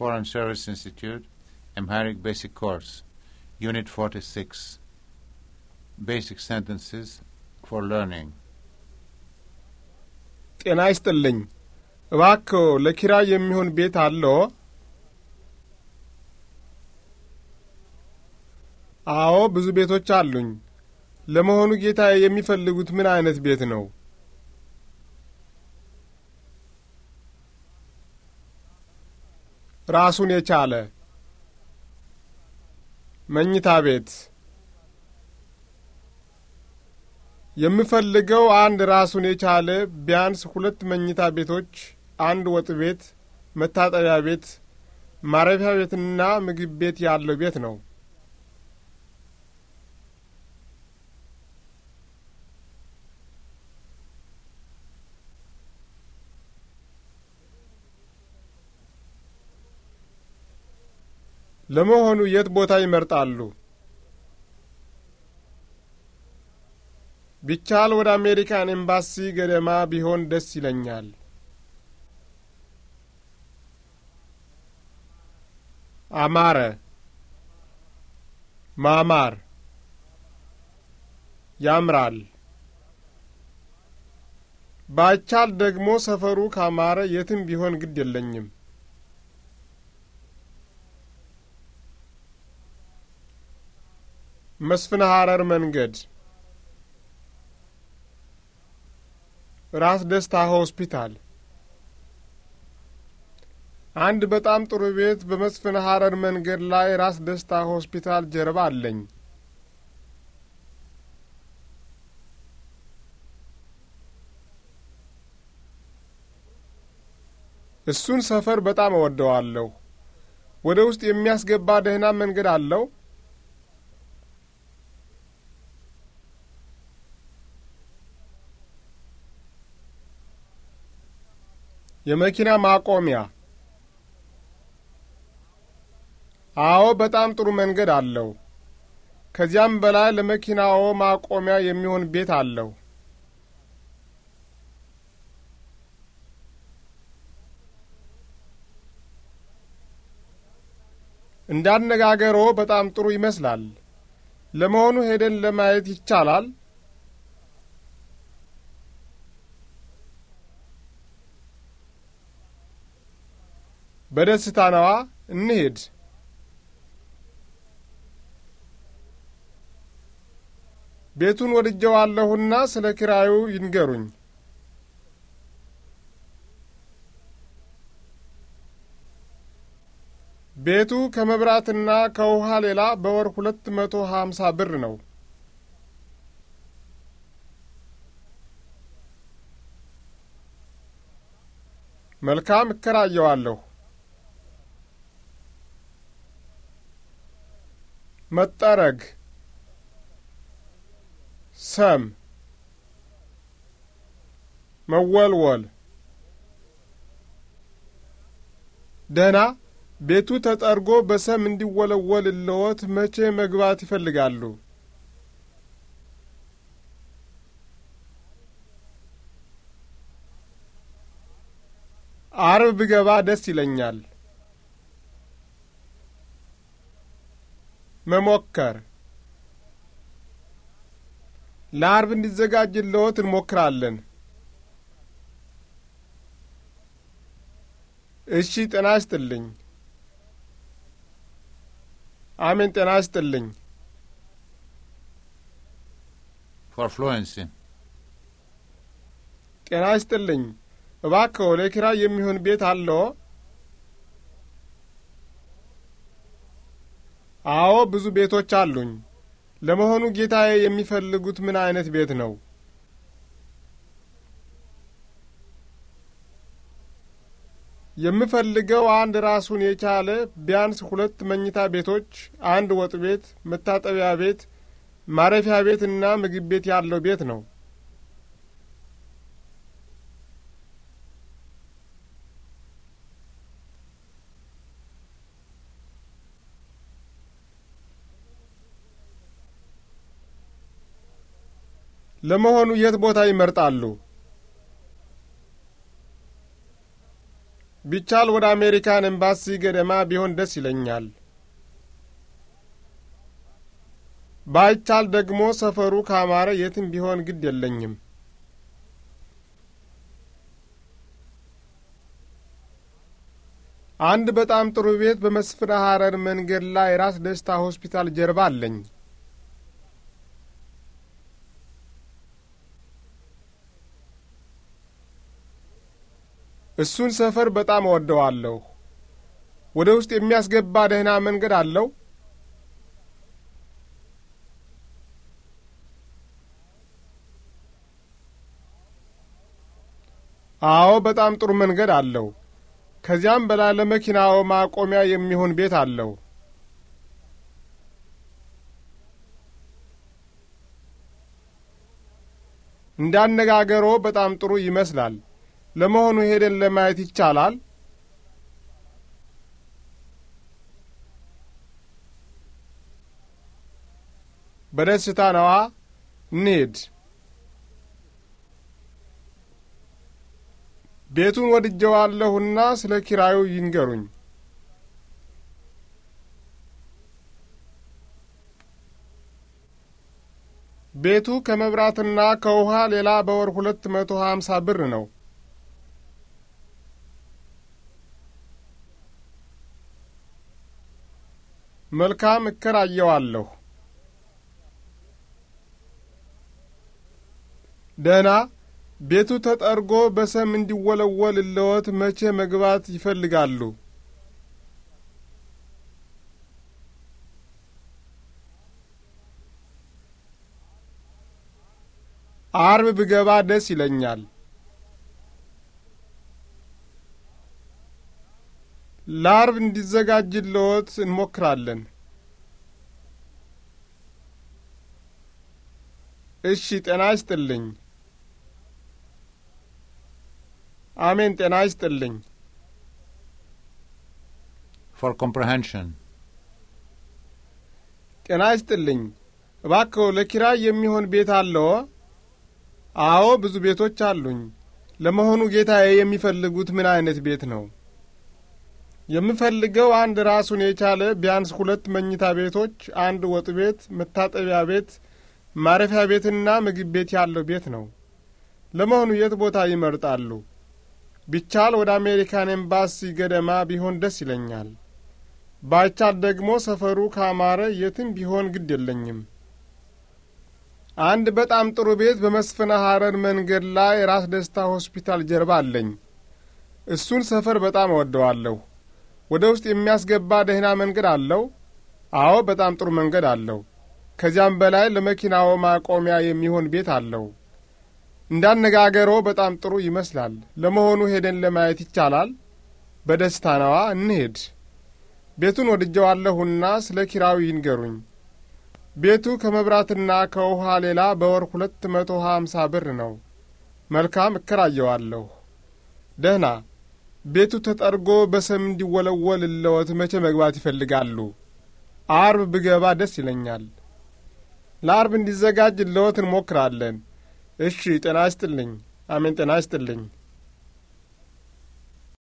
Foreign Service Institute, Amharic Basic Course, Unit 46, Basic Sentences for Learning. ጤና ይስጥልኝ። እባክዎ ለኪራይ የሚሆን ቤት አለዎ? አዎ፣ ብዙ ቤቶች አሉኝ። ለመሆኑ ጌታዬ የሚፈልጉት ምን አይነት ቤት ነው? ራሱን የቻለ መኝታ ቤት የምፈልገው አንድ ራሱን የቻለ ቢያንስ ሁለት መኝታ ቤቶች፣ አንድ ወጥ ቤት፣ መታጠቢያ ቤት፣ ማረፊያ ቤትና ምግብ ቤት ያለው ቤት ነው። ለመሆኑ የት ቦታ ይመርጣሉ? ቢቻል ወደ አሜሪካን ኤምባሲ ገደማ ቢሆን ደስ ይለኛል። አማረ ማማር ያምራል። ባይቻል ደግሞ ሰፈሩ ካማረ የትም ቢሆን ግድ የለኝም። መስፍን ሐረር መንገድ ራስ ደስታ ሆስፒታል አንድ በጣም ጥሩ ቤት በመስፍን ሐረር መንገድ ላይ ራስ ደስታ ሆስፒታል ጀርባ አለኝ። እሱን ሰፈር በጣም እወደዋለሁ። ወደ ውስጥ የሚያስገባ ደህና መንገድ አለው። የመኪና ማቆሚያ። አዎ፣ በጣም ጥሩ መንገድ አለው። ከዚያም በላይ ለመኪናዎ ማቆሚያ የሚሆን ቤት አለው። እንዳነጋገሮ በጣም ጥሩ ይመስላል። ለመሆኑ ሄደን ለማየት ይቻላል? በደስታ ነዋ። እንሄድ። ቤቱን ወድጀዋለሁና ስለ ኪራዩ ይንገሩኝ። ቤቱ ከመብራትና ከውሃ ሌላ በወር ሁለት መቶ ሀምሳ ብር ነው። መልካም እከራየዋለሁ። መጠረግ ሰም መወልወል ደህና ቤቱ ተጠርጎ በሰም እንዲወለወል ለወት መቼ መግባት ይፈልጋሉ? አርብ ብገባ ደስ ይለኛል። መሞከር ለአርብ እንዲዘጋጅልዎት እንሞክራለን። እሺ፣ ጤና ይስጥልኝ። አሜን፣ ጤና ይስጥልኝ። ፎርፍሎንስ ጤና ይስጥልኝ። እባክዎ ለኪራይ የሚሆን ቤት አለው? አዎ ብዙ ቤቶች አሉኝ። ለመሆኑ ጌታዬ የሚፈልጉት ምን አይነት ቤት ነው? የምፈልገው አንድ ራሱን የቻለ ቢያንስ ሁለት መኝታ ቤቶች፣ አንድ ወጥ ቤት፣ መታጠቢያ ቤት፣ ማረፊያ ቤት እና ምግብ ቤት ያለው ቤት ነው። ለመሆኑ የት ቦታ ይመርጣሉ? ቢቻል ወደ አሜሪካን ኤምባሲ ገደማ ቢሆን ደስ ይለኛል። ባይቻል ደግሞ ሰፈሩ ካማረ የትም ቢሆን ግድ የለኝም። አንድ በጣም ጥሩ ቤት በመስፍን ሐረር መንገድ ላይ ራስ ደስታ ሆስፒታል ጀርባ አለኝ። እሱን ሰፈር በጣም እወደዋለሁ። ወደ ውስጥ የሚያስገባ ደህና መንገድ አለው? አዎ፣ በጣም ጥሩ መንገድ አለው። ከዚያም በላይ ለመኪናው ማቆሚያ የሚሆን ቤት አለው። እንዳነጋገሮ በጣም ጥሩ ይመስላል። ለመሆኑ ሄደን ለማየት ይቻላል? በደስታ ነዋ። እንሄድ። ቤቱን ወድጀዋለሁና ስለ ኪራዩ ይንገሩኝ። ቤቱ ከመብራትና ከውሃ ሌላ በወር ሁለት መቶ ሀምሳ ብር ነው። መልካም እከራየዋለሁ። ደህና ቤቱ ተጠርጎ በሰም እንዲወለወል እለወት መቼ መግባት ይፈልጋሉ? አርብ ብገባ ደስ ይለኛል። ለአርብ እንዲዘጋጅልዎት እንሞክራለን። እሺ፣ ጤና ይስጥልኝ። አሜን፣ ጤና ይስጥልኝ። ፎር ኮምፕሬንሽን ጤና ይስጥልኝ። እባክዎ ለኪራይ የሚሆን ቤት አለዎ? አዎ፣ ብዙ ቤቶች አሉኝ። ለመሆኑ ጌታዬ የሚፈልጉት ምን አይነት ቤት ነው? የምፈልገው አንድ ራሱን የቻለ ቢያንስ ሁለት መኝታ ቤቶች፣ አንድ ወጥ ቤት፣ መታጠቢያ ቤት፣ ማረፊያ ቤትና ምግብ ቤት ያለው ቤት ነው። ለመሆኑ የት ቦታ ይመርጣሉ? ቢቻል ወደ አሜሪካን ኤምባሲ ገደማ ቢሆን ደስ ይለኛል። ባይቻል ደግሞ ሰፈሩ ካማረ የትም ቢሆን ግድ የለኝም። አንድ በጣም ጥሩ ቤት በመስፍነ ሐረር መንገድ ላይ ራስ ደስታ ሆስፒታል ጀርባ አለኝ። እሱን ሰፈር በጣም እወደዋለሁ። ወደ ውስጥ የሚያስገባ ደህና መንገድ አለው? አዎ፣ በጣም ጥሩ መንገድ አለው። ከዚያም በላይ ለመኪናው ማቆሚያ የሚሆን ቤት አለው። እንዳነጋገሮ በጣም ጥሩ ይመስላል። ለመሆኑ ሄደን ለማየት ይቻላል? በደስታ ነዋ፣ እንሄድ። ቤቱን ወድጀዋለሁና ስለ ኪራዩ ይንገሩኝ። ቤቱ ከመብራትና ከውሃ ሌላ በወር ሁለት መቶ ሀምሳ ብር ነው። መልካም፣ እከራየዋለሁ። ደህና ቤቱ ተጠርጎ በሰም እንዲወለወል ለወት መቼ መግባት ይፈልጋሉ? አርብ ብገባ ደስ ይለኛል። ለአርብ እንዲዘጋጅ ለወት እንሞክራለን። እሺ፣ ጤና ይስጥልኝ። አሜን፣ ጤና ይስጥልኝ።